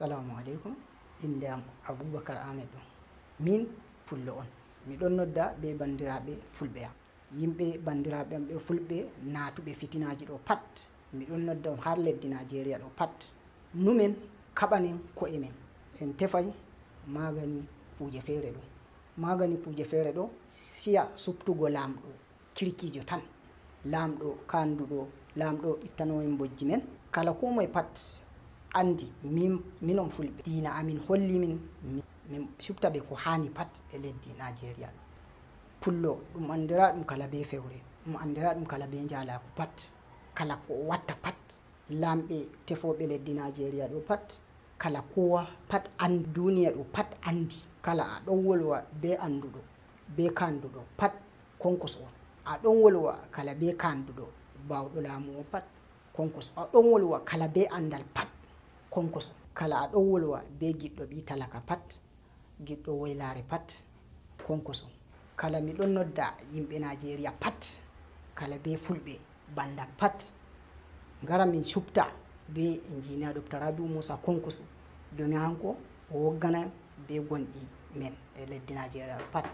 assalamu aleykum innde am aboubacar amed ɗo min pullo on miɗon nodda ɓe bandiraɓe fulɓe am yimɓe bandiraɓe am ɓe fulɓe naatuɓe fitinaji ɗo pat miɗon nodda har leddi nigéria ɗo pat numen kaɓanen ko e men en tefay magani puuje feere ɗo magani puuje feere ɗo siya suptugo laamɗo kirkijo tan laamɗo kanduɗo laamɗo ittanoen bojji men kala ko moye pat andi min minon fulɓe dina amin holli min min subta ɓe ko hani pat e leddi nigéria ɗo pullo ɗum andira ɗum kala be fewre ɗum andira ɗum kala be jalako pat kala ko watta pat lamɓe tefoɓe leddi nigéria ɗo pat kala kowa pat an duniya ɗo pat andi kala a ɗon wolwa be anduɗo be kanduɗo pat konkos on a ɗon wolwa kala be kanduɗo bawɗo laamu o pat konkos a ɗon wolwa kala be andal pat konkos kala a ɗon wolwa be giɗɗo ɓi talaka pat giɗɗo woylaare pat konkoso kala mi ɗon nodda yimɓe nigéria pat kala be fulɓe banda pat ngara min cuɓta be jina doctorabi moussa konkoso domi hanko o wogganan be gonɗi men e leddi nigéria pat